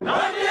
Nine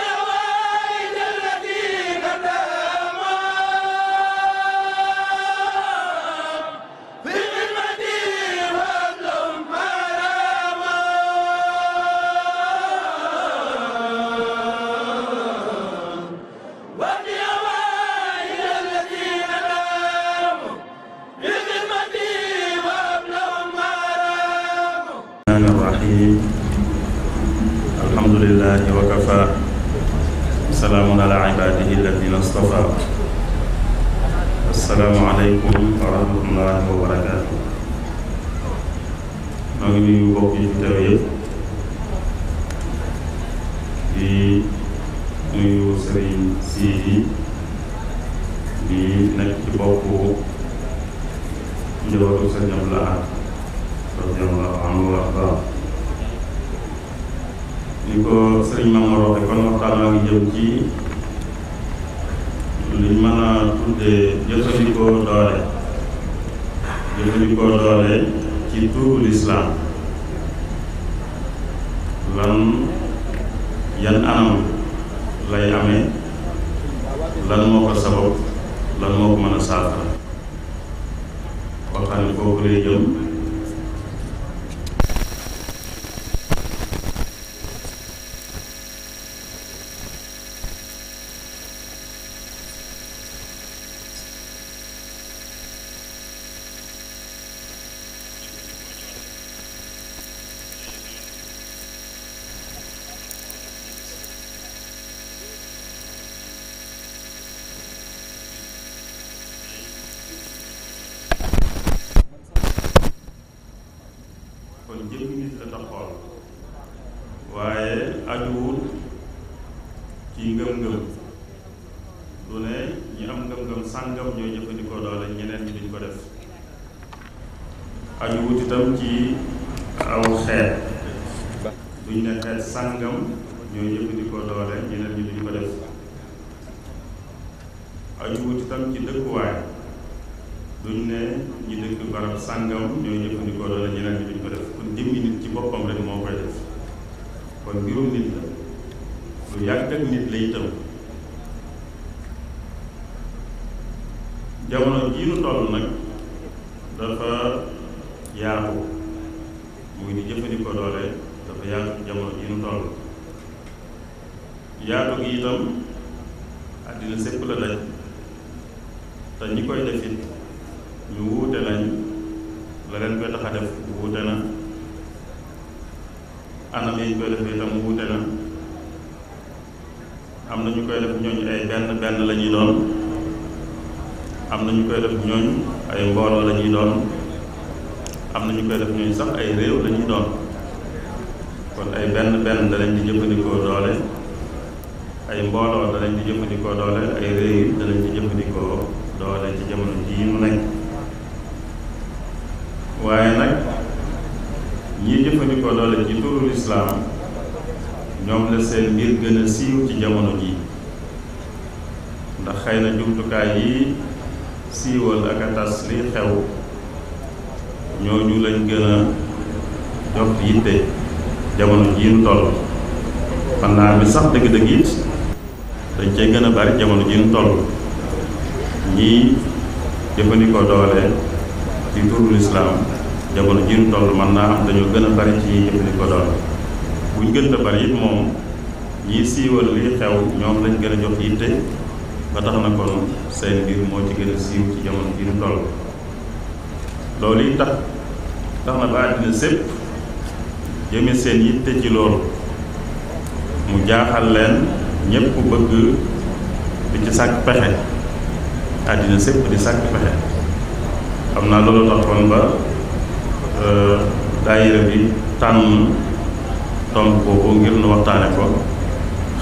koo xam ne foofu lay jëm yaatu gi itam àddina sépp la daj te ñi koy def it ñu wuute lañ la leen koy tax a def wuute na ñu na am na ñu koy def ñooñ ay benn benn lañuy ñuy am na ñu koy def ñooñ ay mbooloo la ñuy doon am na ñu koy def ñooñ sax ay réew la ñuy kon ay benn benn da leen di jëfandikoo doole. ay mbooloo danañ ci jëfandikoo doole ci jamono jii mu waaye nag ñi jëfandikoo doole ci turu lislaam ñoom la seen mbir gën siiw ci jamono ji ndax xëy na jumtukaay yi siiwal ak a tas li xew ñooñu lañ gën a jox yitte jamono jii nu toll. xanaa bi sax dëgg-dëgg it dañ cay gën a bari jamono ji ñu toll ñii jëfandikoo doole ci turu lislaam jamono ji ñu toll mën naa am dañoo gën a bari ci ñii jëfandikoo doole buñ gën a bari it moom ñii siiwal li xew ñoom lañ gën a jox yitte ba tax na kon seen mbir moo ci gën a siiw ci jamono ji ñu toll loolu yi tax tax na ba àddina sépp jëme seen yitte ci loolu mu jaaxal leen ñépp bëgg di ci sàkk pexe àddina sépp di sàkk pexe xam naa loolu taxoon ba euh, daayira bi tànn tomb boobu ngir nu waxtaane ko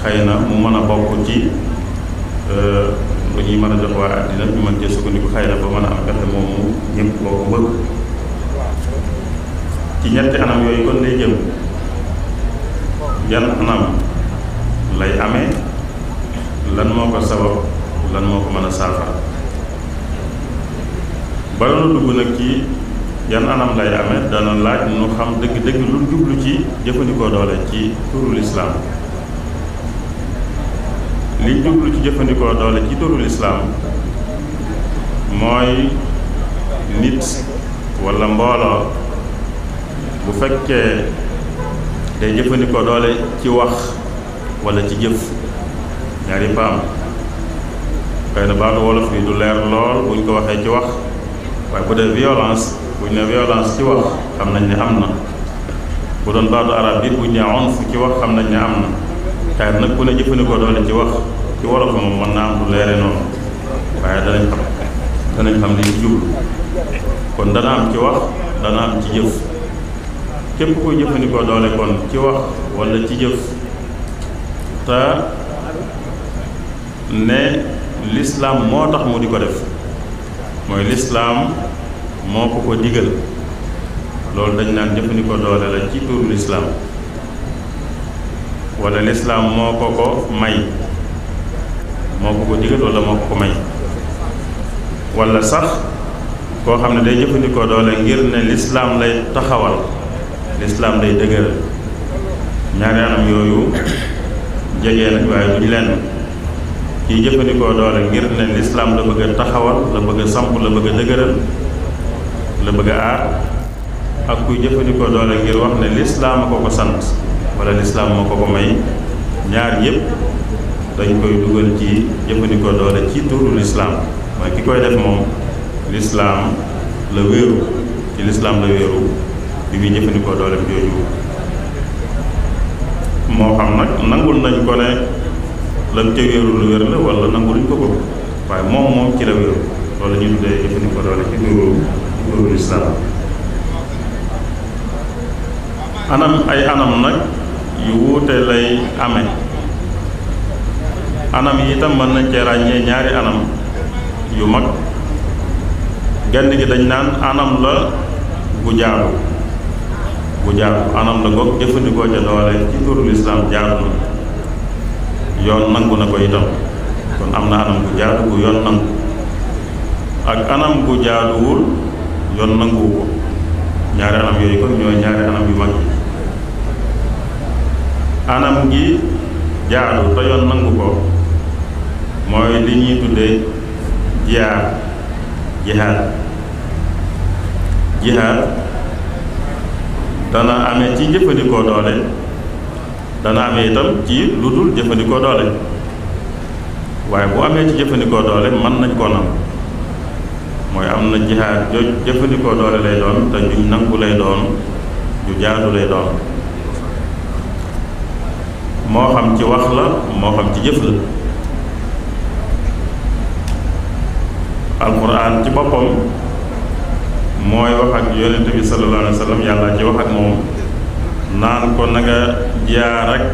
xëy na mu mën a bokk ci euh, lu ñuy mën a jox waa àddina ñu mën cee sukkandiku xëy na ba mën a am pexe moomu ñépp boo bëgg ci ñetti anam yooyu kon lay jëm yan anam lay ame lan moo ko sabab lan moo ko mën a saafara bala nu dugg nag ci yan anam lay amee dana laaj nu xam dëgg-dëgg lu jublu ci jëfandikoo doole ci turu lislaam li jublu ci jëfandikoo doole ci turu mooy nit walla mbooloo bu fekkee day jëfandikoo doole ci wax wala ci jëf ñaari mbaam xëy na baatu wolof yi du leer lool buñ ko waxee ci wax waaye bu dee violence buñ ne violence ci wax xam nañ ne am na bu doon baatu arab bi buñ ne onf ci wax xam nañ ne am na xëy nag ku ne jëfandikoo doole ci wax ci wolof moom mën naa am du leere noonu waaye danañ xam danañ xam li ci jublu kon dana am ci wax dana am ci jëf képp kuy jëfandikoo doole kon ci wax wala ci jëf muxtaar ne lislaam moo tax mu di ko def mooy lislaam moo ko ko digal loolu dañu naan jëfandikoo doole la ci turu lislaam walla lislaam moo ko ko may moo ko ko digal wala moo ko ko may walla sax koo xam ne day jëfandikoo doole ngir ne lislaam lay taxawal lislaam day dëgëral ñaari anam yooyu jege nañ waaye duñ lenn kii jëfandikoo doole ngir ne lislaam la bëgg a taxawal la bëgg samp la bëgg a dëgëral la bëgg a aar ak kuy jëfandikoo doole ngir wax ne lislaam ko ko sant wala lislaam moo ko ko may ñaar yépp dañ koy dugal ci jëfandikoo doole ci turu lislaam mooy ki koy def moom lislaam la wéeru ci lislaam la wéeru bi muy jëfandikoo doole jooju moo xam nag nangul nañ ko ne lan ca wéeru lu wér la wala nanguluñ ko ko waaye moom moom ci la wéeru loolu ñu tuddee jëfandikoo doole ci nguuru nguuru lislaam anam ay anam nag yu wuute lay amee anam yi itam mën nañ cee ràññee ñaari anam yu mag genn gi dañ naan anam la bu jaaru bu jaar anam la goog jëfandikoo ca doole ci turu lislaam jaadu na yoon nangu na ko itam kon am na anam gu jaadu gu yoon nangu ak anam gu jaaduwul yoon nanguwu ko ñaari anam yooyu kon ñooy ñaari anam yu mag yi anam gi jaadu te yoon nangu ko mooy li ñuy tuddee jihaad jihaad jihaad dana amee ci jëfandikoo doole dana amee itam ci lu dul jëfandikoo doole waaye bu amee ci jëfandikoo doole mën nañ koo nangu mooy am na jihaad joj jëfandikoo doole lay doon te nangu lay doon ju jaadu lay doon moo xam ci wax la moo xam ci jëf la alquran ci boppam moy wax ak yaronte bi sallallahu alaihi wasallam yalla ci wax ak mom nan ko naga jaar ak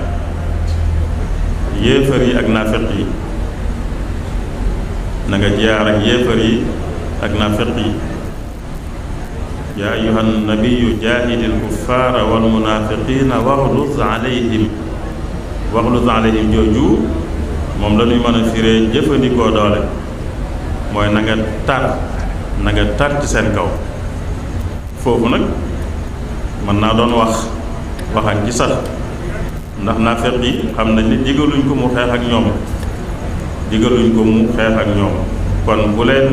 ak nafiq naga jaar ak yefer ak nafiq ya ayyuhan nabiy jahidil kuffara wal munafiqin waghluz alayhim waghluz alayhim joju mom lañuy mëna firé jëfëndiko doole moy naga tar naga tar ci sen kaw foofu nag mën naa doon wax waxañ ci sax ndax naafeq yi xam nañ ne digaluñ ko mu xeex ak ñoom digaluñ ko mu ak ñoom kon bu leen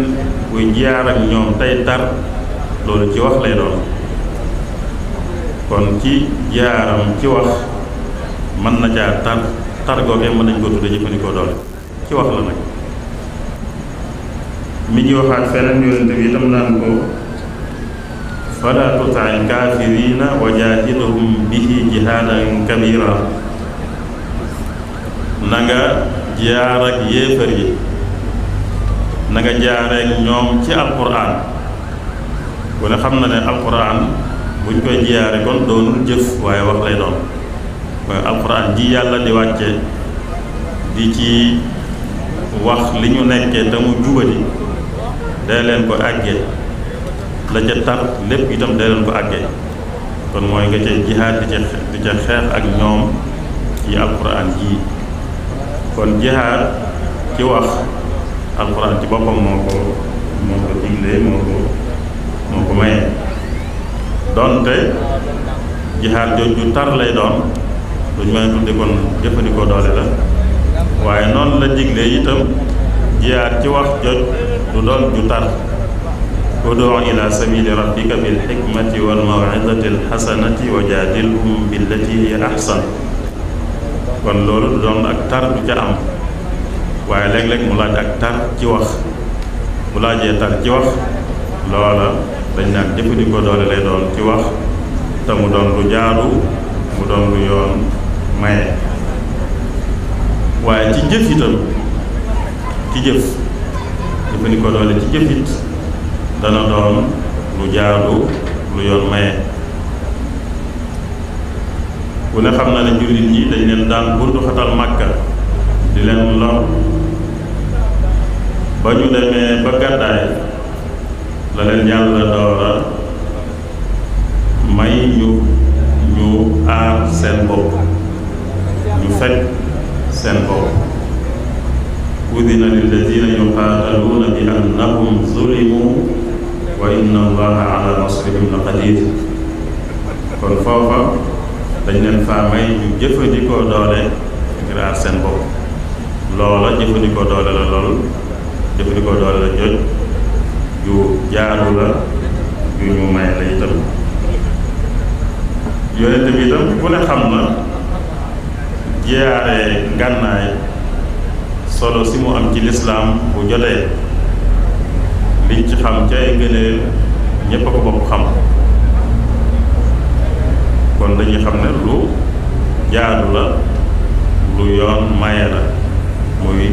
kuy jiyaar ak ñoom tey tar loolu ci wax lay doon kon ci jaaram ci wax mën na caa tar tar googee mën nañ ko tudde jëfandikoo doole ci wax la nag mi ngi waxaat feneen yonente bi itam naan ko fala tuti lkafirina wa jahidhum bihi jihaadan kabira na nga jaar ak yéefar yi na nga ñoom ci alquran ku ne xam na ne alquran buñ koy jiyaare kon doonul jëf waaye wax lay doon mooy alquran ji yàlla di wàcce di ci wax li ñu nekkee te mu jubadi day leen ko àggee la ca tar lépp itam day leen ko àggee kon mooy nga cay jihaad di ca xeex ak ñoom ci alquran ji kon jihaad ci wax alquran ci boppam moo ko moo ko diglee moo ko moo ko mayee donte jihaad jooju tar lay doon duñ mën a tudde kon jëfandikoo doole la waaye noonu la diglee itam jihaad ci wax joj du doon ju tar ud'u ila sabili rabbika bil hikmati wal maw'izati al hasanati wa jaadilhum billati hiya ahsan kon loolu du doon ak tar du ca am waaye léeg-léeg mu laaj ak tar ci wax bu laajee tar ci wax loola dañ naan jëfandikoo doole lay doon ci wax te mu doon lu jaadu mu doon lu yoon maye waaye ci jëf itam ci jëf jëfandikoo doole ci jëf dana doon lu jaadu lu yoon maye ku ne xam na ne jullit ñi dañ leen daan buntu xatal di leen lor ba ñu demee ba gàddaay la leen yàlla doora may ñu ñu aar seen bopp ñu fekk seen bopp udina lilladina yuqaataluuna bi annahum zulimu wa inna allaha ala nasrihim la qadir kon foofa dañ leen faa may ñu jëfandikoo doole ngir aar seen bopp loola jëfandikoo doole la lool jëfandikoo doole la joj ju jaaru ju ñu may la itam yonent bi itam ne xam na jiyaare ngànnaay solo si mu am ci lislaam bu jotee liñ ci xam ci ay ñépp a ko bokk xam kon dañuy xam ne lu jaadu la lu yoon maye la muy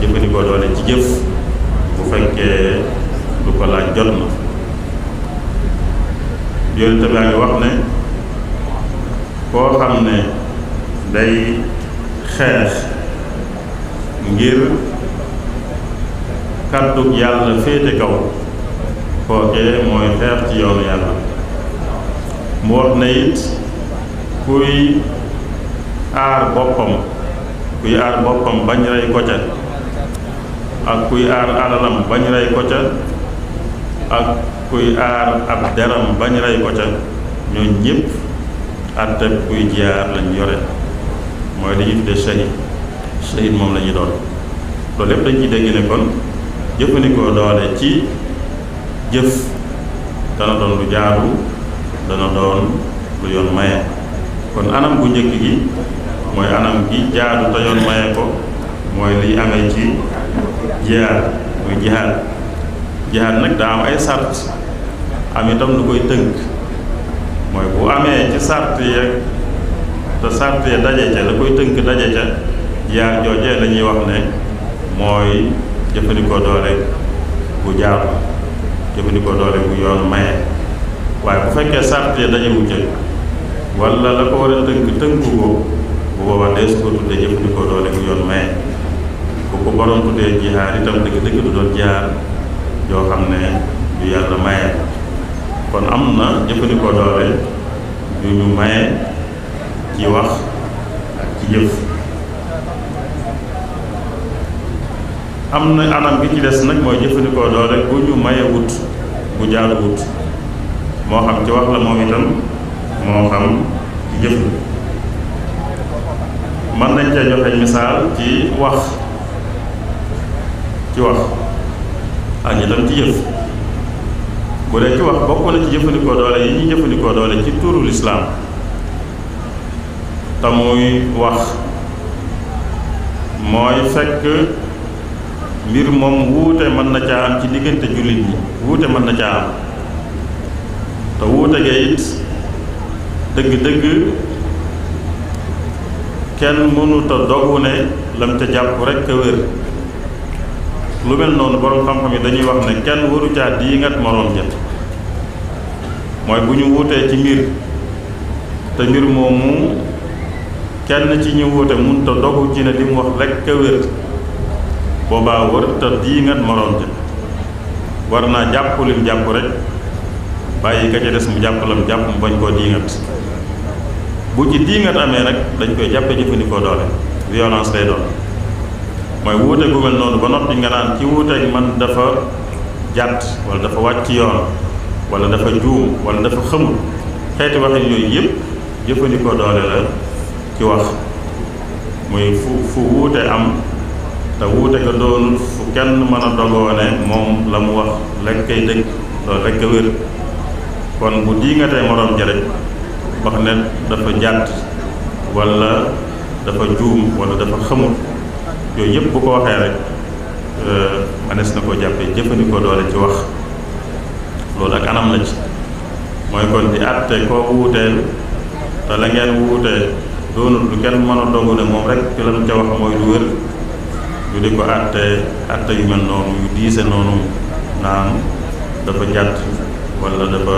jëfandikoo doole ci jëf bu fekkee lu ko laaj jot na yoon tamit a ngi wax ne koo xam ne day xeex ngir kàddug yàlla féete kaw kookee mooy xeex ci yoonu yàlla mu wax na it kuy aar boppam kuy aar boppam bañ rey ko ca ak kuy aar alalam bañ rey ko ca ak kuy aar ab deram bañ rey ko ca ñoo ñëpp àttab kuy jiyaar lañ yore mooy li ñu tuddee shahid shahid moom lañuy ñuy doon loolu lépp dañ ciy dégg ne kon jëfandikoo doole ci jëf dana doon lu jaaru dana doon lu yoon maye kon anam gu njëkk gi mooy anam gi jaadu te yoon maye ko mooy liy amee ci jihaad muy jihaad jihaad nag daa am ay sart am itam lu koy tënk mooy bu amee ci sart ya te sart ya daje ca la koy tënk daje ca jihaad joojee la ñuy wax ne mooy jëfandikoo doole bu jaaru jëfandikoo doole bu yoonu maye waaye bu fekkee sart ya daje mu la ko war tënk tënku ko bu boobaa dees ko tuddee jëfandikoo doole bu yoonu maye bu ko borom tuddee jihaar itam dëgg dëgg du doon jihaar yoo xam ne yu yàlla maye kon am na jëfandikoo doole yu ñu maye ci wax ak ci jëf am na anam gi ci des nag mooy jëfandikoo doole bu ñu maye wut bu jaaru wut moo xam ci wax la moom itam moo xam ci jëf mën nañ cee joxe misaal ci wax ci wax ak itam ci jëf bu dee ci wax bokk na ci jëfandikoo doole yi ñuy jëfandikoo doole ci turu lislaam te muy wax mooy fekk mbir moom wuute mën na ca am ci diggante jullit ñi wuute mën na caa am te wuute ga dëgg-dëgg kenn mënut a dogu ne lam ca jàpp rekk a lu mel noonu boroom xam-xam yi dañuy wax ne kenn waru caa diingat moroom ja mooy bu ñu wuutee ci mbir te mbir moomu kenn ci ñu wuute mënut a dogu ci ne li wax rekk a boobaa warta diingat moroom ja war naa jàpp lim jàpp rek bàyyi ka ca des mu jàpp lam jàpp mu bañ koo diingat bu ci diingat amee nag dañ koy jàppe jëfandikoo doole violence lay doon mooy wuute gu mel noonu ba noppi nga naan ci wuuteeg man dafa jàtt wala dafa wàcc yoon wala dafa juum wala dafa xamul xeeti waxin yooyu yëpp jëfandikoo doole la ci wax muy fu fu wuute am te wuute ko doonul fu kenn mën a dogoo ne moom la mu wax lekk kay dëgg loolu rekk a wér kon bu dii nga tey moroom ja rek wax ne dafa jàtt walla dafa juum walla dafa xamul yooyu yëpp bu ko waxee rek manees na ko jàppee jëfandikoo doole ci wax loolu ak anam la ci mooy kon di àtte koo wuuteel te la ngeen wuutee doonul lu kenn mën a dogu ne moom rek ci lan ca wax mooy lu wér ñu di ko àtte àtte yu mel noonu yu diise noonu naan dafa jàdd wala dafa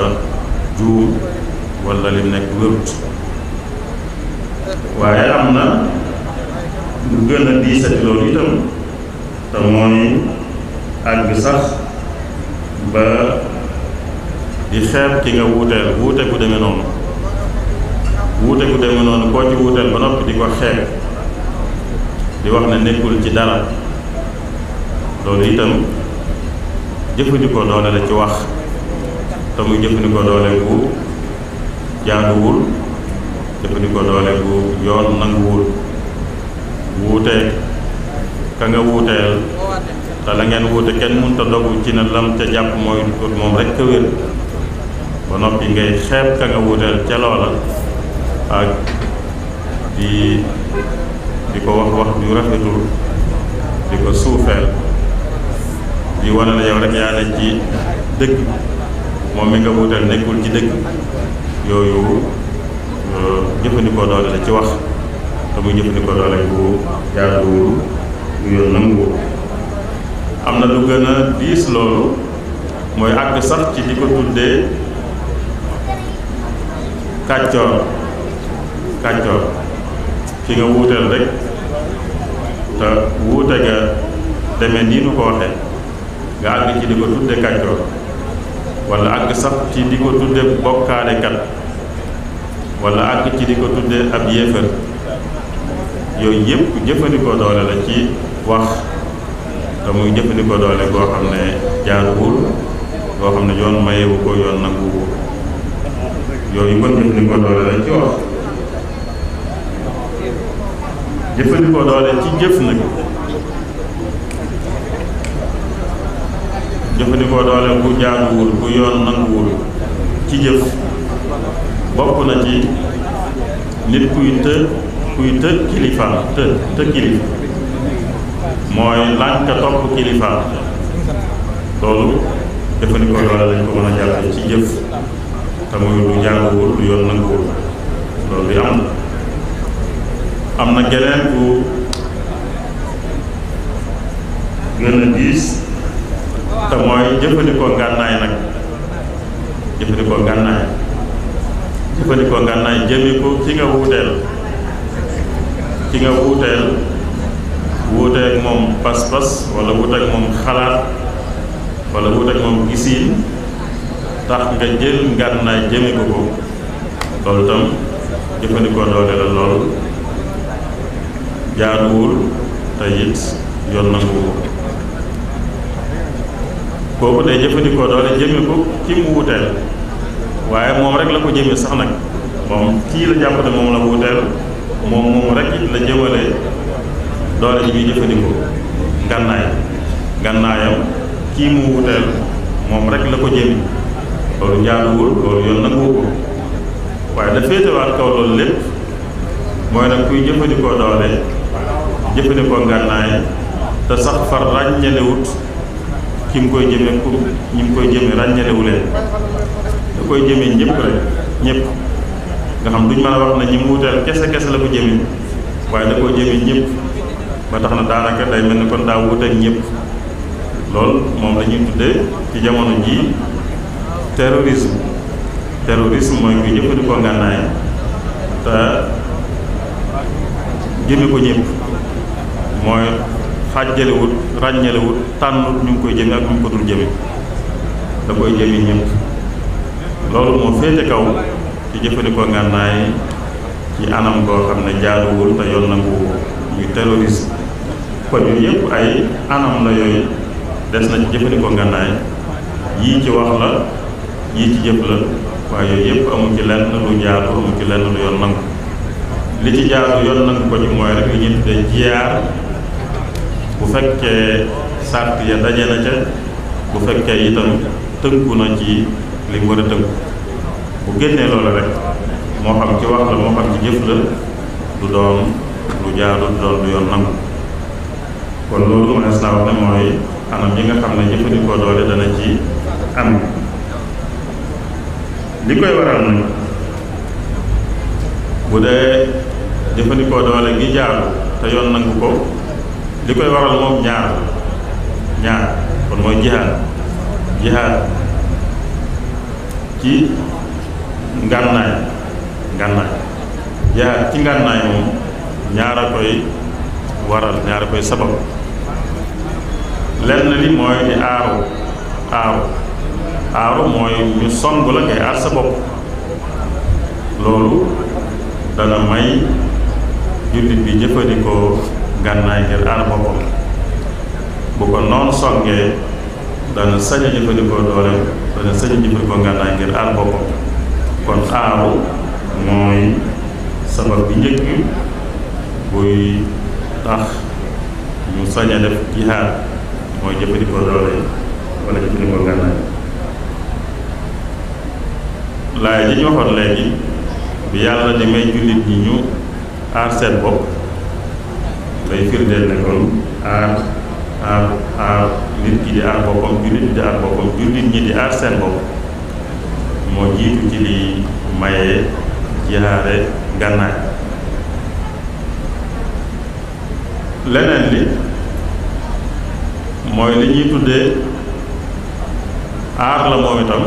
juum wala li nekk wérut waaye am na lu gën a diisati loolu itam te mooy àgg sax ba di xeeb ki nga wuuteel wuute ku demee noonu wuute gu demee noonu koo ci wuuteel ba noppi di ko xeeb di wax na nekkul ci dara loolu itam jëfandikoo doole la ci wax te muy jëfandikoo doole gu jaaduwul jëfandikoo doole gu yoon nanguwul wuute ka nga wuuteel te la ngeen wuute kenn mënta dogu ci ne lam ca jàpp mooy moom rek ka wér ba noppi ngay xeeb ka nga wuuteel ca loola ak di di ko wax wax ju rafetul di ko suufeel di wane la yow rek yaa ne ci dëgg moom mi nga wutal nekkul ci dëgg yooyu euh, jëfandikoo doole ci wax te muy jëfandikoo doole bu jaaduwul bu yoon nanguwul am na lu gën a diis loolu mooy àgg sax ci di ko tuddee kàccoor kàccoor ci nga wuuteel rek te wuute nga demee nii nu ko waxee nga àgg ci di ko tudde kàccoor wala àgg sax ci di ko tudde bokkaalekat wala àgg ci di ko tudde ab yéefar yooyu yëpp jëfandikoo doole la ci wax te muy jëfandikoo doole goo xam ne jaaruwul goo xam ne yoon mayewu ko yoon nanguwu yooyu kon jëfandikoo doole la ci wax jëfandikoo doole ci jëf nag jëfandikoo doole bu jaaduwul bu yoon nanguwul ci jëf bokk na ci nit kuy të kuy të kilifa të të kilifa mooy laaj topp kilifa loolu jëfandikoo doole lañ ko mën a jàppe ci jëf te muy lu lu yoon nanguwul loolu yi am na amna gelen geneen bu gën ta moy te gannaay nak ngànnaay gannaay jëfandikoo gannaay jëfandikoo jëmi ko ki nga wutel ki nga wuuteel ak mom pass pass wala ak mom xalaat wala ak mom gisil tax nga jël gannaay jëmi ko ko lol tam jëfandikoo doole la lol jaaduwul te it yoon nanguwu kooku day jëfandikoo doole jëme ko ci mu wuteel waaye moom rek la ko jëme sax nag moom kii la jàpp ne moom la wuteel moom moom la jëmale doole ji muy jëfandikoo ngànnaay ngànnaayam kii mu wuteel la ko jëme loolu jaaduwul loolu yoon nanguwu ko waaye da féetewaat kaw loolu lépp mooy nag kuy jëfandikoo doole jëfandikoo ngànnaay te sax far ràññalewut ki mu koy jëme pour ñi mu koy jëme ràññalewuleen da koy jëme ñépp rek ñëpp nga xam duñ mën a wax ne ñi mu wuteel kese kese la ko jëme waaye da koy jëme ñëpp ba tax na daanaka day mel ni kon daa wuuteeg ñëpp loolu moom la ñuy tuddee ci jamono jii terrorisme terrorisme mooy ngi jëfandikoo ngànnaay te jëme ko ñëpp mooy xàjjalewut ràññalewut tànnut ñu ngi koy jëme ak ñu ngi ko dul jëme da koy jëme ñëpp loolu moo féete kaw ci jëfandikoo ngànnaay ci anam goo xam ne jaaduwul te yoon nangu muy terroriste kon yu yëpp ay anam la yooyu des na ci jëfandikoo ngànnaay yii ci wax la yii ci jëf la waaye yooyu yëpp amu ci lenn lu jaadu amu ci lenn lu yoon nangu li ci jaadu yoon nangu ko ci mooy rek li ñuy tuddee jiyaar bu fekkee sart ya daje na ca bu fekkee itam tënku na ci li mu war a tënku bu génnee loola rek moo xam ci wax la moo xam ci jëf la du doon lu jaadu du doon lu yoon nangu kon loolu mënees naa wax ne mooy anam yi nga xam ne jëfandikoo doole dana ci am li koy waral nag bu dee jëfandikoo doole gi jaadu te yoon nangu ko li koy waral moom ñaar ñaar kon mooy jihaad jihaad ci ngànnaay ngànnaay jihaad ci ngànnaay moom ñaar a koy waral ñaar a koy sabab lenn li mooy di aaru aaru aaru mooy ñu song la ngay aar sa bopp loolu dana may jullit bi jëfandikoo gànnaay ngir aar boppam bu ko noonu songee dana sañ a jëfandikoo doole dana sañ a jëfandikoo gànnaay ngir aar boppam kon aaru mooy sabab bi njëkk buy tax ñu sañ a def jihaad mooy jëfandikoo doole wala jëfandikoo gànnaay laay ji ñu léegi bi yàlla di may jullit ñi ñu aar seen bopp bay firndeel ne kon aar aar aar nit ki di aar boppam jullit bi di aar boppam jullit ñi di aar seen bopp moo jiitu ci li maye jaare gànnaay leneen li mooy li ñuy tuddee aar la moom itam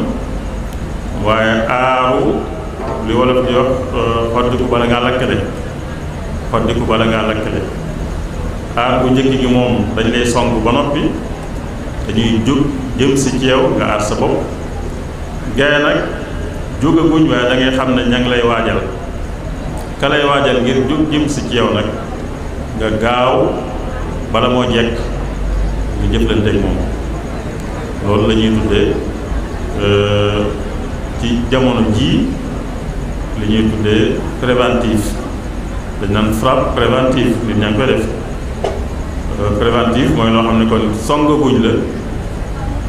waaye aaru li wolof di wax euh, xoddiku bala ngaa lakkale xoddiku bala ngaa lakkale ah bu njëkk gi moom dañ lay song ba noppi dañuy jóg jëm si ceew nga aar sa bopp gaye nag jógaguñ waaye da ngay xam ne ña ngi lay waajal kalay lay waajal ngir jóg jëm si ceew nag nga gaaw bala moo jekk nga jëflanteeg moom loolu lañuy ñuy euh, ci jamono jii li ñuy tuddee préventif dañ naan frappe préventive nit ñaa koy def Euh, préventif mooy loo xam ne kon songaguñ la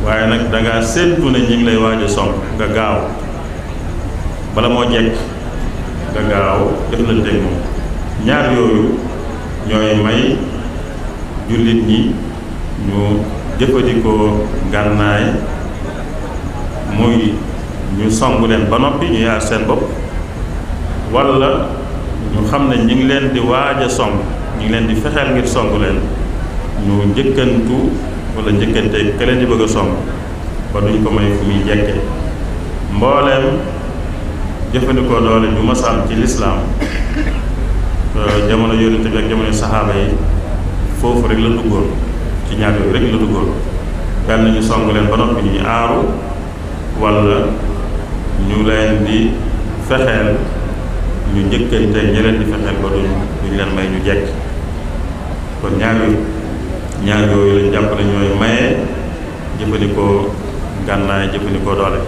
waaye nag da ngaa séentu ne ñi ngi lay waaj a song nga gaaw bala moo jekk nga gaaw jëflanteeg moom ñaar yooyu ñooy may jullit ñi ñu jëfandikoo ngànnaay muy ñu song leen ba noppi ñu yaar seen bopp walla ñu xam ne ñi ngi leen di waaj a song ñi ngi leen di fexeel ngir song leen ñu jëkëntu wala jëkënte ka di bëgg som ba duñ ko may fu muy jekke mbooleem jëfandikoo doole ñu ma am ci lislaam euh, jamono yonente bi ak jamono sahaba yi fofu rek la duggoon ci ñaar yooyu rek la duggoon dal ñu song leen ba nopi ñi aaru wala ñu leen di fexel ñu jëkënte ñi di fexel ba duñ duñ leen may ñu jëk kon ñaar ñaar yooyu lañ jàpp ne ñooy maye jëfandikoo gànnaay jëfandikoo doole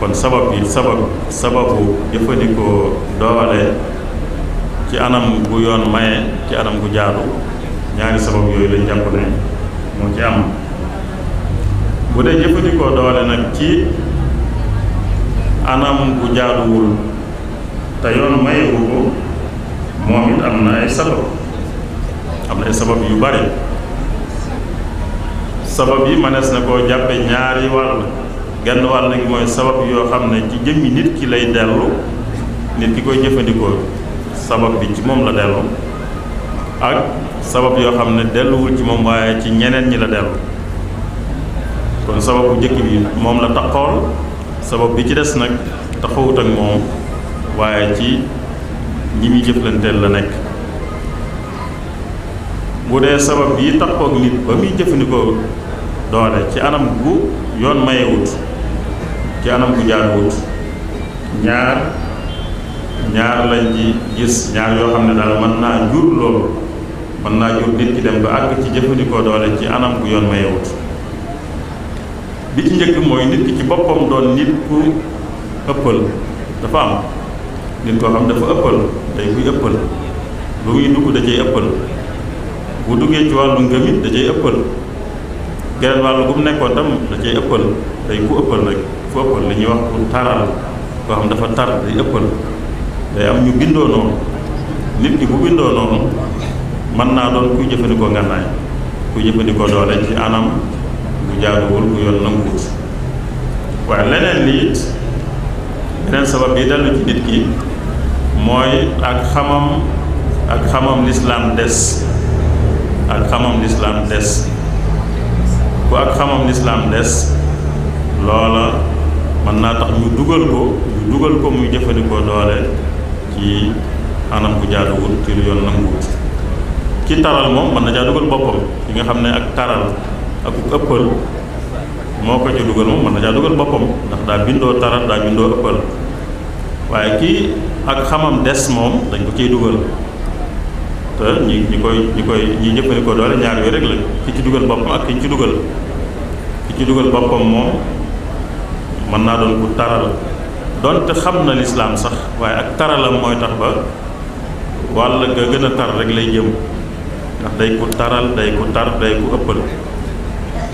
kon sabab bi sabab sababu jëfandikoo doole ci anam bu yoon maye ci anam gu jaadu ñaari sabab yooyu lañ jàpp ne moo ci am bu dee jëfandikoo doole nag ci anam bu jaaduwul te yoon mayewu ko moom it am na ay sabab am na ay sabab yu bari sabab yi manes na ko jàppe ñaari wal genn wal gi moy sabab yo xam ci jëmmi nit ki lay delu nit ki koy jëfëndiko sabab bi ci mom la delu ak sabab yo xam delu wul ci mom waye ci ñeneen ñi la delu kon sababu jëk bi mom la taxol sabab bi ci dess nak taxawut ak mom waye ci ñi mi jëflantel la nek bu dé sabab bi taxok nit ba mi jëfëndiko doole ci anam gu yoon mayewut ci anam gu jaaduwut ñaar ñaar lañ ci gis ñaar yoo xam ne daal mën naa jur loolu mën naa jur nit dem ba àgg ci jëfandikoo doole ci anam gu yoon mayewut bi ci njëkk mooy nit ki ci boppam doon nit ku ëppal dafa am nit koo xam dafa ëppal day kuy ëppal lu muy dugg da cay ëppal bu duggee ci wàllu ngëmit da cay ëppal geneen wàllu gu mu nekkoon tam da cay ëppal day ku ëppal rek ku ëppal li ñuy wax ku taral koo xam dafa tar day ëppal day am ñu bindoo noonu nit ñi bu bindoo noonu mën naa doon kuy jëfandikoo ngànnaay kuy jëfandikoo doole ci anam bu jaaduwul bu yoon nanguwut waaye leneen li it sabab yi dellu ci nit ki mooy ak xamam ak xamam lislaam des ak xamam lislaam des ko ak xamam l'islam des lola man na tax ñu duggal ko ñu duggal ko muy jëfandikoo doole ci anam bu wul ci lu yoon nanguwut ki taral mom man na ja duggal bopam ki nga xamne ak taral ak ëppal moo ko ci duggal mom man na ja duggal bopam ndax da bindo taral da bindo ëppal waye ki ak xamam des mom dañ ko ciy dugal te ñi ñi koy ñi koy ñi doole ñaar yooyu rek la ki ci dugal boppam ak ki ci dugal ki ci dugal boppam moom mën naa doon ku taral donte xam na lislaam sax waaye ak taralam mooy tax ba wàll nga gën a tar rek lay jëm ndax day ku taral day ku tar day ku ëppal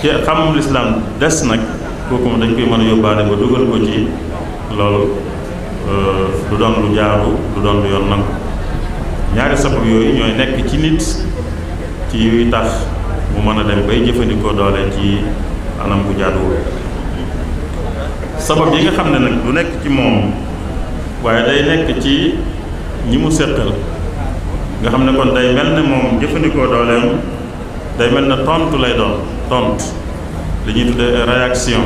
ci xam lislaam des nag kooku dañ koy mën a yóbbaale ba dugal ko ci loolu euh, du doon lu jaaru du doon lu yoon nangu ñaari sabab yooyu ñooy nekk ci nit ci yuy tax mu mën a dem bay jëfandikoo doole ci anam bu jaaduwul sabab yi nga xam ne nag du nekk ci moom waaye day nekk ci ñi mu seqal nga xam ne kon day mel ne moom jëfandikoo dooleem day mel ne tontu lay doon tontu li ñuy tuddee réaction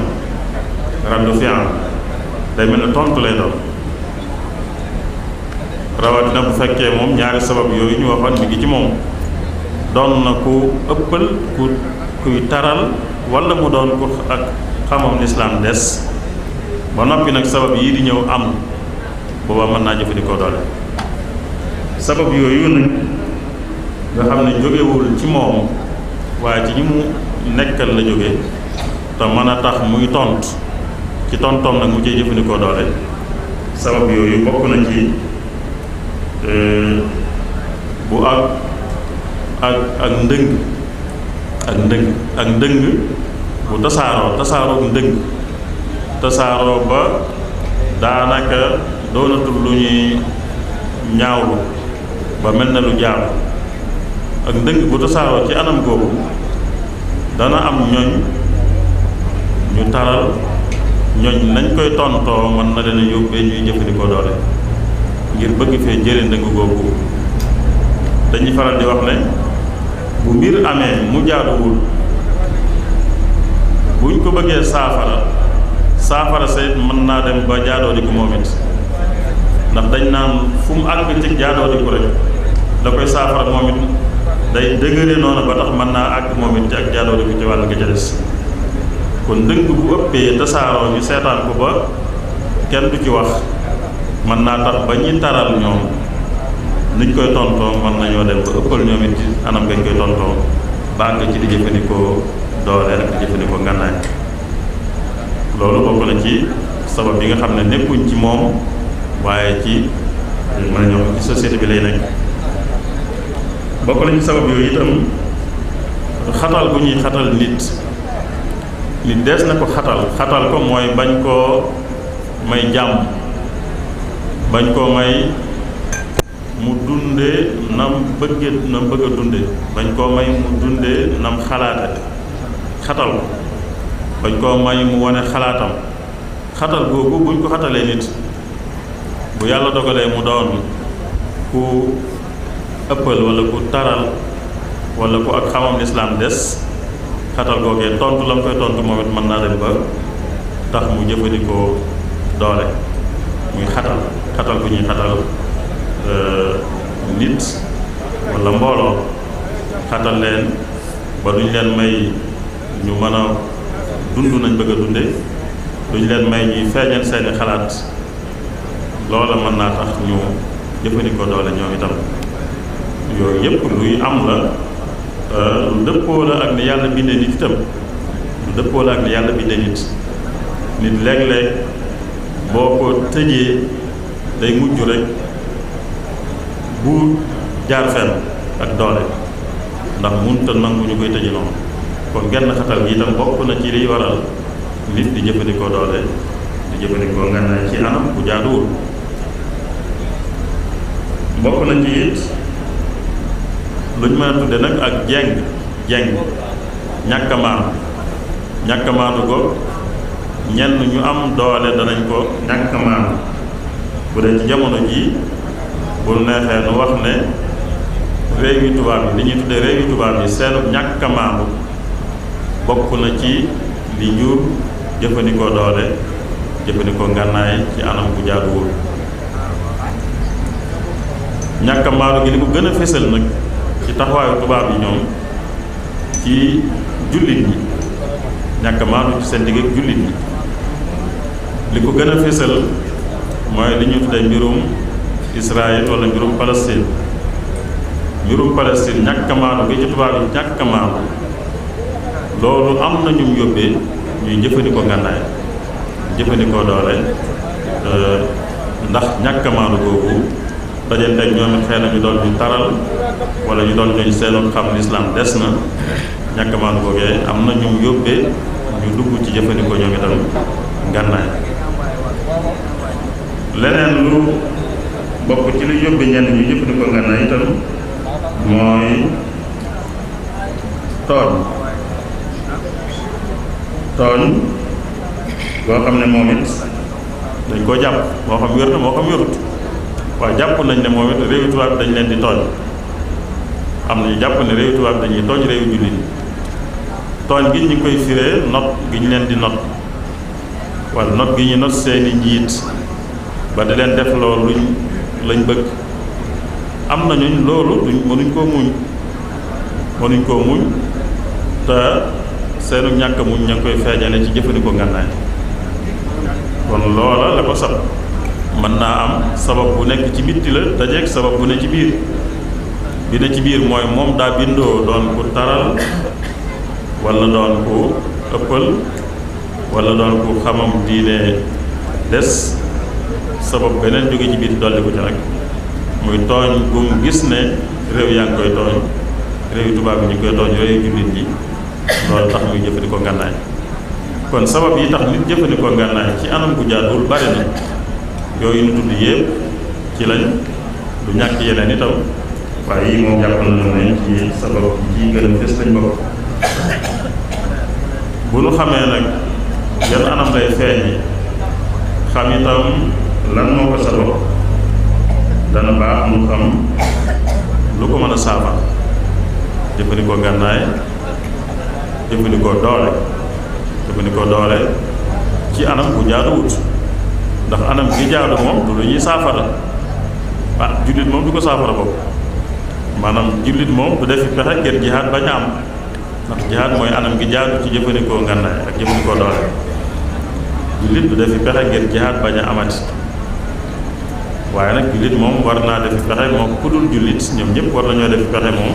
raddu fian day mel ne tontu lay doon rawatina bu fekkee moom ñaari sabab yooyu ñu waxoon mi ngi ci moom doon na ku ëppal ku kuy taral walla mu doon ku ak xamam lislaam des ba noppi nag sabab yii di ñëw am booba mën naa jëfandikoo doole sabab yooyu nag nga xam ne jógewul ci moom waaye ci ñi mu nekkal la jóge te mën a tax muy tont ci tontoom nag mu cee jëfandikoo doole sabab yooyu bokk na ci bu ak ak ak ndëng ak ndëng ak ndëng bu tasaaroo tasaaroo ndëng tasaaroo ba daanaka doonatul lu ñuy ñaawlu ba mel na lu jaaru ak ndëng bu tasaaroo ci anam googu dana am ñooñ ñu taral ñooñ nañ koy tontoo mën na leen yóbbee ñuy jëfandikoo doole ngir bëgg fee jëlé ndëng googu dañu faral di wax né bu mbir amé mu jaaduwul buñ ko bëggé safara safara sey mën na dem ba jaado di ko momit ndax dañ naan fu mu ci jaado di ko rek da koy safara momit day dëgëre non ba tax mën na ag momit ci ak jaado di ko ci walu ga kon dëng bu uppé tasaaroo ñu seetaan ko ba kenn du ci wax mën naa tax ba ñi taral ñoom niñ koy tontoo mën nañoo dem ba ëppal ñoom it anam gañ koy tontoo ba àgg ci di jëfandikoo doole rek di jëfandikoo ngànnaay loolu bokk na ci sabab yi nga xam ne nekkuñ ci moom waaye ci mën nañoo ci société bi lay nekk bokk na ci sabab yooyu itam xatal bu ñuy xatal nit nit des na ko xatal xatal ko mooy bañ koo may jàmm bañ koo may mu dunde nam bëgge nam bëgg a bañ koo may mu dunde nam xalaate xatal ko bañ koo may mu wane xalaatam xatal googu buñ ko xatalee nit bu yàlla dogalee mu doon ku ëppal wala ku taral wala ku ak xamam lislaam des xatal googee tontu la mu koy tontu moom it mën naa dem ba tax mu jëfandikoo doole muy xatal xatal bu ñuy xatal euh, nit walla mbooloo xatal leen ba duñ leen may ñu mën a dund nañ bëgg dunde duñ leen may ñuy feeñal seeni xalaat loola mën naa tax ñu jëfandikoo doole ñoom itam yooyu yépp luy am la lu dëppoo la ak ni yàlla bindee nit itam lu dëppoo la ak ni yàlla bindee nit nit léeg-léeg boo ko tëjee day mujj rek bu jaar fen ak doole ndax munta nangu ñu koy tëji noonu kon genn xatal gi tam bokk na ci liy waral nit di jëfandikoo doole di jëfandikoo ngànnaay ci anam bu jaaduwul bokk na ci it luñ mën tudde nag ak jeng jeng ñàkk maanu ñàkk maanu ko ñenn ñu am doole danañ ko ñàkk maanu bu ci jamono jii bu neexee nu wax ne réew yi tubaab yi li ñuy tuddee réew yi tubaab yi seenu ñàkk bokk na ci li jur jëfandikoo doole jëfandikoo ngànnaay ci anam bu jaaduwul ñàkk a gi li ko gën a fésal nag ci taxawaayu tubaab yi ñoom ci jullit ñi ñàkk a maandu ci seen digg ak jullit ñi li ko gën a mooy li ñu tuddee mbirum Israël wala mbirum Palestine mbirum Palestine ñàkk a maandu gi ci tubaab yi loolu am na ñu yóbbee ñuy jëfandikoo ngànnaay jëfandikoo doole euh, ndax ñàkk a maandu googu dajanteeg ñoom xëy na ñu doon ñu taral wala ñu doon ñu seenoon xam lislaam des na ñàkk a maandu googee am na ñu yóbbee ñu dugg ci jëfandikoo ñoom itam ngànnaay. leneen lu bokk ci lu yóbbe ñenn ñu jëfandikoo ngànnaay itam mooy tooñ tooñ boo xam ne moom it dañ koo jàpp moo xam wér moo xam wérut waaye jàpp nañ ne moom réewi tubaab dañ leen di tooñ am nañu jàpp ne réewi tubaab dañuy tooñ réewi jullit tooñ gi ñu ngi koy firee not gi ñu leen di not wala not gi ñu not seeni njiit ba di leen def loolu luñ lañ bëgg am na ñuñ loolu duñ mënuñ koo muñ mënuñ koo muñ te seenu ñàkk muñ ña koy feeñale ci jëfandikoo ngànnaay kon loola la ko sab mën naa am sabab bu nekk ci bitti la dajeeg sabab bu ne ci biir bi ne ci biir mooy moom daa bindoo doon ku taral wala doon ku ëppal wala doon ku xamam diine des sabab beneen jóge ci biir dolli bu ci nag muy tooñ bu mu gis ne réew yaa ngi koy tooñ réew yu tubaab yi ñu ngi koy tooñ réew yu jullit yi loolu tax muy jëfandikoo ngànnaay kon sabab yi tax nit jëfandikoo ngànnaay ci anam gu jaaduwul bari na yooyu ñu tudd yépp ci lañ du ñàkk yeneen itam waaye yi moom jàpp na ne ci sabab yi gën a fës lañ bokk bu nu xamee nag yan anam lay feeñ xam itam lan moko ko sabab dana ba mu xam lu ko meuna mën a saafara jëfandikoo gànnaay jëfandikoo doole ko doole ci anam bu jaadu wut ndax anam gi jaadu mom du lu ñi safa la ba julit mom du ko saafara bopp manam julit mom du defi pexe ngir jihad ba ñam ndax jihad moy anam gi jaadu ci ko gannaay ak ko doole julit du defi pexe ngir jihad ba a amati waye nak julit mom warna def pexe mom kudul julit ñom ñep war nañu def pexe mom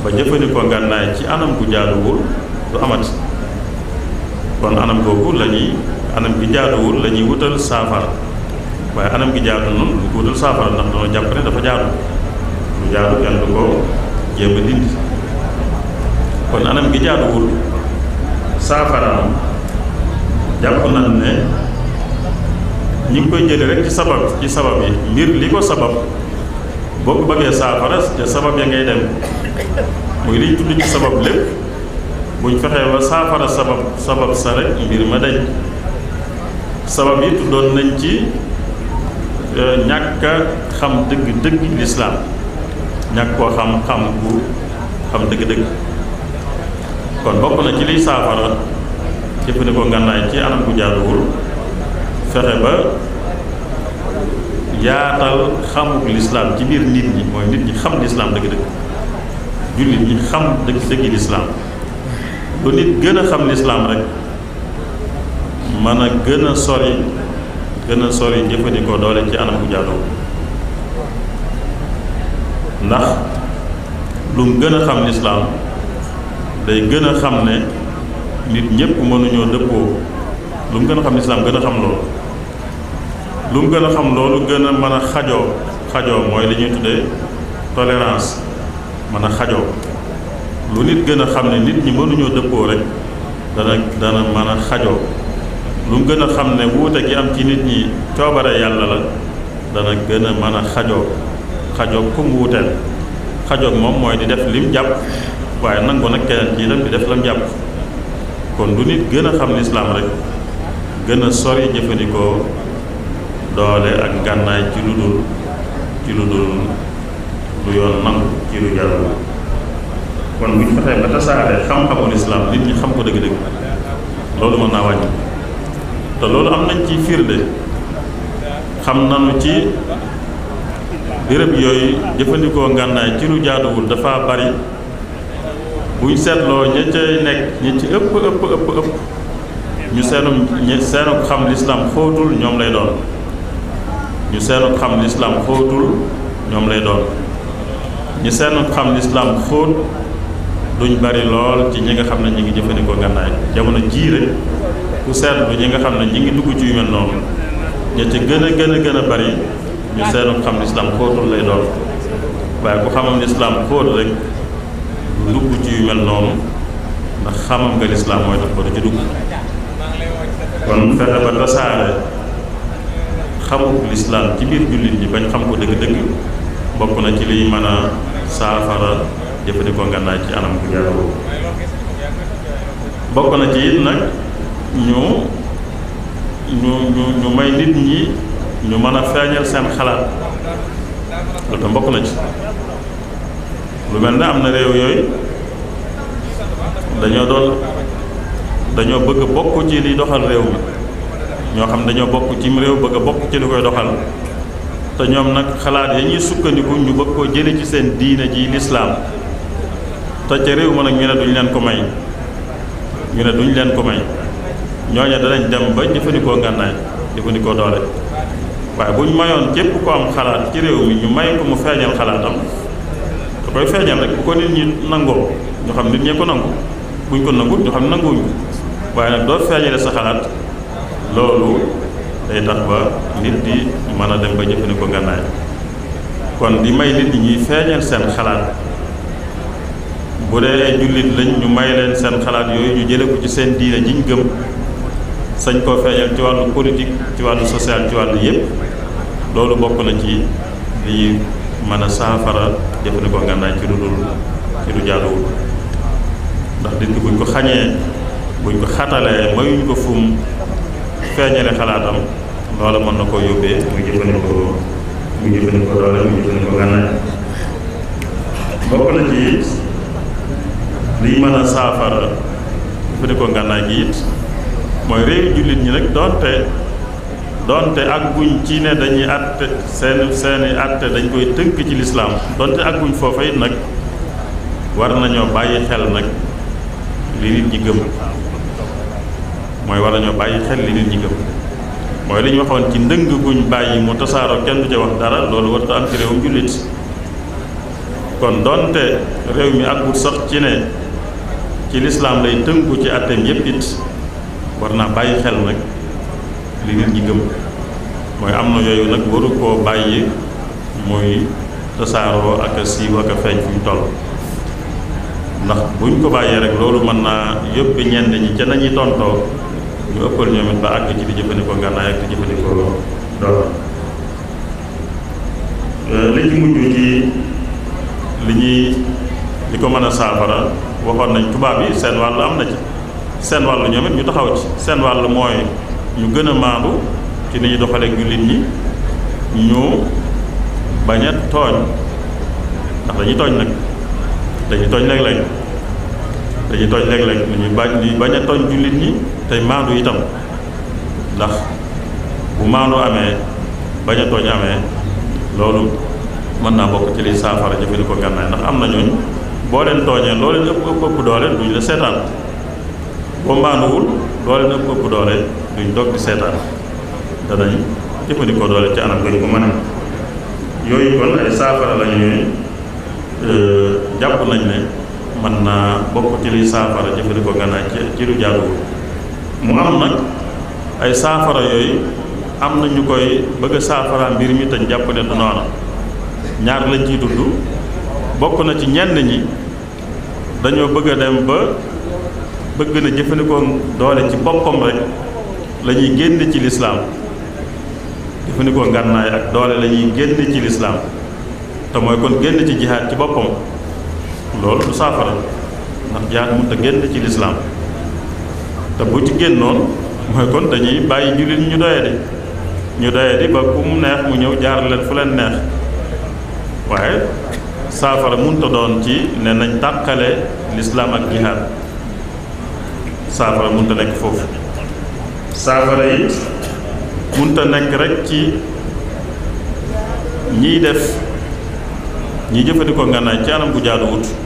ba jëfandikoo gannaay ci anam gu jaaduwul du amat kon anam googu la anam gi jaaduwul la ñuy wutal safar waye anam gi jaadu non lu ko wutal safar ndax do japp ne dafa jaadu lu jaadu kenn du ko jëm dindi kon anam gi jaaduwul safara japp nañ ne ñing koy jëlé rek ci sabab ci sabab yi ngir li sabab bok bëggé bëggee saafara ca sabab ya ngay dem muy li tudd ci sabab lepp buñ fexee ba saafara sabab sabab sa rek ngir ma dañ sabab yi tuddon nañ ci e, ñaka xam dëgg-dëgg l'islam ñak ko xam xam bu xam dëgg-dëgg kon bokku na ci ci fini ko ngànnaay ci anam bu jaaduwul fexe ba yaatal xamuk lislaam ci biir nit ñi mooy nit ñi xam lislaam dëgg-dëgg jullit ñi xam dëgg dëggi lislaam lu nit gën a xam lislaam rek mën a gën a sori gën a sori jëfandikoo doole ci anam bu jaadoo ndax lu mu gën a xam lislaam day gën a xam ne nit ñépp mënuñoo dëppoo lu mu gën a xam lislaam gën a xam loolu lu mu gën a xam loolu gën a mën a xajoo xajoo mooy li ñuy tuddee tolérance mën a xajoo lu nit gën a xam ne nit ñi mënuñoo dëppoo rek dana dana mën a xajoo lu mu gën a xam ne wuute gi am ci nit ñi coobare yàlla la dana gën a mën a xajoo xajoo ku wuuteel xajoo moom mooy di def lim jàpp waaye nangu nag keneen ci itam di def lam jàpp kon lu nit gën a xam ne islaam gën a sori jëfandikoo doole ak gànnaay ci lu dul ci lu dul lu yoon nangu ci lu yàlla kon bu ñu fexee ba tasaare xam-xamul islam nit ñi xam ko dëgg-dëgg loolu mën naa wàññi te loolu am nañ ci firnde xam nanu ci béréb yooyu jëfandikoo ngànnaay ci lu jaaduwul dafa bari buñ seetloo ña cay nekk ña ci ëpp ëpp ëpp ëpp ñu seenum ña seenuk xam lislaam xóotul ñoom lay doon ñu seenu xam lislaam xóotul ñoom lay doon ñu seenu xam lislaam xóot duñ bari lool ci ñi nga xam ne ñu ngi jëfandikoo gànnaay jamono jii rek ku seetlu ñi nga xam ne ñu ngi dugg ci yu mel noonu ña ci gën a gën a gën a bari ñu seenu xam lislaam xóotul lay doon waaye ku xamam lislaam xóot rek du dugg ci yu mel noonu ndax xamam nga lislaam mooy tax du ci dugg kon fexe ba tasaare xamuk lislaam ci biir jullit ñi bañ xam ko dëgg-dëgg bokk na ci liy mën a saafara jëfandikoo naaj ci anam bu jaaroo bokk na ci it nag ñu ñu ñu may nit ñi ñu mën a feeñal seen xalaat loolu tam bokk na ci lu mel ne am na réew yooyu dañoo doon dañoo bëgg bokk ci liy doxal réew mi ñoo xam ne dañoo bokk cim réew bëgg a bokk ci lu koy doxal te ñoom nag xalaat ya ñuy sukkandiku ñu bëgg koo jële ci seen diine ji lislaam te ca réew ma nag ñu ne duñ leen ko may ñu ne duñ leen ko may ñooñu danañ dem ba jëfandikoo ngànnaay jëfandikoo doole waaye bu ñu mayoon képp ko am xalaat ci réew mi ñu may ko mu feeñal xalaatam da koy feeñal rek bu ko nit ñi nangoo ñoo xam nit ñee ko nangu buñ ko nangut ñu xam nanguwuñ waaye nag doo feeñale sa xalaat loolu day tax ba nit di mën a dem ba jëfandikoo ngànnaay kon di may nit ñi feeñal seen xalaat bu dee ay jullit lañ ñu may leen seen xalaat yooyu ñu jële ko ci seen diine ji ñu gëm sañ koo feeñal ci wàllu politique ci wàllu social ci wàllu yépp loolu bokk na ci li mën a saafara jëfandikoo ngànnaay ci lu dul ci lu jaaduwul ndax nit buñ ko xañee buñ ko xatalee mayuñ ko fum feeñale xalaatam loola mën na koo yóbbee mu jëfandikoo mu jëfandikoo doole mu jëfandikoo gànnaay bokk na liy mën a saafara jëfandikoo gànnaay gi it mooy réew jullit ñi nag doonte doonte ak guñ ci ne dañuy àtte seen seeni àtte dañ koy tënk ci lislaam doonte ak guñ foofa it nag war nañoo bàyyi xel nag li nit ñi gëm mooy war nañoo bàyyi xel li nit ñi mooy li waxoon ci ndëng guñ bàyyi mu tasaaroo kenn du ca wax dara loolu war ta am ci réewum jullit kon donte réew mi àggut sax ci ne ci lislaam lay tënku ci atteem yépp it war naa bàyyi xel nag li nit ñi gëm mooy am na yooyu nag waru koo bàyyi muy tasaaroo ak a siiw ak a feeñ fi mu toll ndax buñ ko bàyyee rek loolu mën naa yóbbi ñenn ñi ca nañu tontoo ñu ëppal ñoom it ba àgg ci di jëfandikoo ngànnaay ak di jëfandikoo doole euh, li ci mujj ci li ñuy li ko mën a saafara waxoon nañ tubaab yi seen wàll am na ci seen wàll ñoom ñu taxaw ci seen wàll mooy ñu gën a maandu ci ni ñu doxalee jullit ñi ñu bañ tooñ ndax dañuy tooñ nag dañuy tooñ léeg-léeg dañuy tooñ léeg-léeg dañuy bañ di bañ a tooñ jullit ñi tey maandu itam ndax bu maandu amee bañ a tooñ amee loolu mën naa bokk ci liy saafara jëfandikoo ngànnaay ndax am na ñooñu boo leen tooñee loo leen ëpp ëpp ëpp doole duñ la seetaan boo maanuwul loo leen ëpp ëpp doole duñ dog di seetaan danañ jëfandikoo doole ci anam gañ ko mën a yooyu kon ay saafara la ñuy euh, jàpp nañ ne mën naa bokk ci liy saafara jëfandikoo ganaar ci ci lu jaaduwul mu am nag ay saafara yooyu am na ñu koy bëgg saafara mbir mi te jàpp ne du ñaar lañ ciy dudd bokk na ci ñenn ñi dañoo bëgg dem ba bëgg na jëfandikoo doole ci boppam rek génn ci lislaam jëfandikoo ngànnaay ak doole lañuy ñuy génn ci lislaam te mooy kon génn ci jihaad ci boppam loolu du saafara ndax jaan mënut génn ci lislaam te bu ci génnoon mooy kon dañuy bàyyi jullit ñu doyadi ñu doyadi ba ku mu neex mu ñëw jaar fu leen neex waaye saafara mënut doon ci ne nañ tàqale lislaam ak jihaad saafara mënut a nekk foofu saafara yi mënut a nekk rek ci ñiy def ñiy jëfandikoo ngànnaay ci anam bu jaaduwut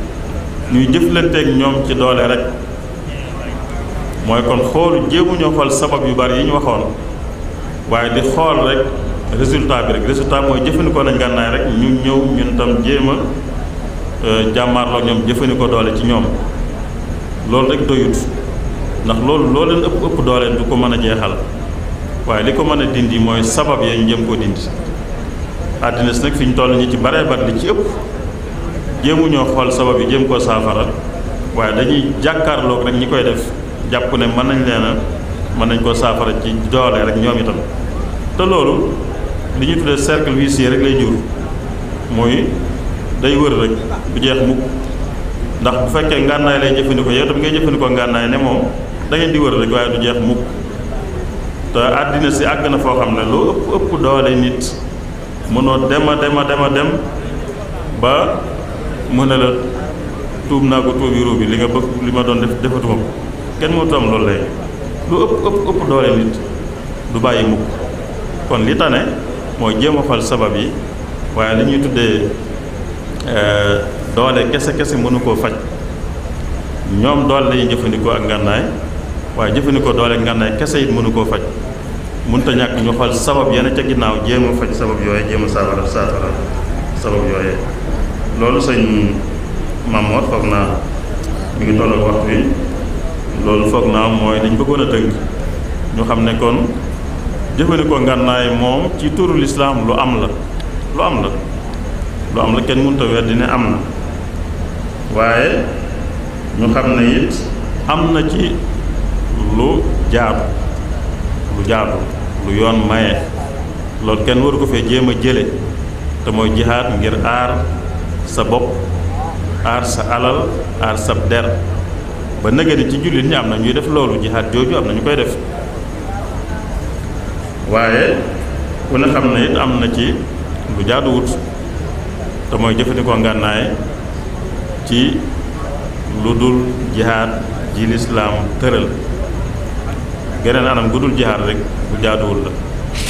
ñuy jëflanteeg ñoom ci doole rek mooy kon xoolu jéemuñoo xool sabab yu bari yi ñu waxoon waaye di xool rek résultat bi rek résultat mooy jëfandikoo nañ gànnaay rek ñu ñëw ñun tam jéem a euh, jàmmaarloo ñoom jëfandikoo doole ci ñoom loolu rek doyut ndax loolu loo leen ëpp ëpp doole du ko mën a jeexal waaye li ko mën a dindi mooy sabab ya ñu jëm koo dindi àddina si nag fi ñu toll ñu ci baree bari li ci ëpp jëmu ñoo xol sababu jëm ko safara saafara dañuy jakkar lok rek ñikoy def japp ne man nañ leena man nañ ko safara ci doole rek ñoom itam te lolu li ñu tuddee cercle vicieux rek lay jur moy day wër rek bu jeex mu ndax bu fekke ngannaay lay jëfandikoo yow tam ngay jëfandikoo ngannaay ne moom da ngeen di wër rek waaye du jeex mu te adina ci ag na fo xamne lo ëpp ëpp doole nit mëno dema dema dema dem ba mu ne la tuub naa ko tuub yi bi li nga bëgg li ma doon def defatuma ko kenn moo tam loolu lay lu ëpp ëpp doole nit du bàyyi mukk kon li tane mooy jéem a fal sabab yi waaye li ñuy tuddee euh, doole kese kese mënu koo faj ñoom doole lañuy jëfandikoo ak ngànnaay waaye jëfandikoo doole ngànnaay kese it mënu koo faj mënut a ñàkk ñu xool sabab yenn ca ginnaaw jéem a faj sabab yooye jéem a saafara saafara sabab yooye loolu sëñ Mamoor foog naa mi ngi toll ak waxtu loolu foog naa mooy dañ bëggoon a tënk ñu xam ne kon jëfandikoo ngànnaay moom ci turu lislaam lu am la lu am la lu am la kenn mënut a weddi am na waaye ñu xam ne it am na ci lu jaadu lu jaadu lu yoon maye loolu kenn waru ko fee jéem a jële te mooy jihaad ngir aar sa bopp aar sa alal aar sab der ba nëgëni ci jullit ñi am na ñuy def loolu jihaad jooju am na ñu koy def waaye ku ne xam ne it am na ci lu jaaduwut te mooy jëfandikoo ngànnaay ci lu dul jihaad ji lislaam tëral geneen anam gu dul jihaad rek bu jaaduwul la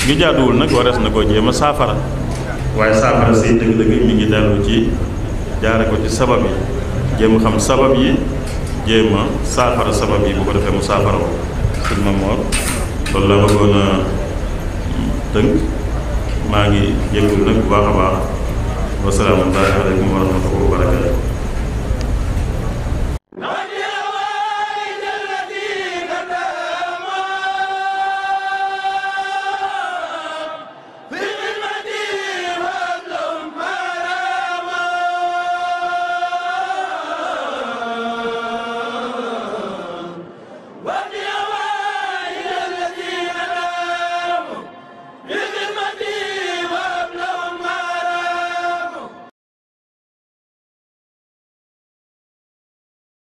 yu jaaduwul nag warees na ko jéem saafara waaye saafara si dëgg-dëgg mi ngi dellu ci jaare ko ci sabab yi jéem xam sabab yi jéem a saafara sabab yi bu ko defee mu saafara ko suñ ma moor loolu la bëggoon tënk maa ngi jéggul nag bu baax a baax wasalaamu aleykum wa rahmatullahi wa barakatuh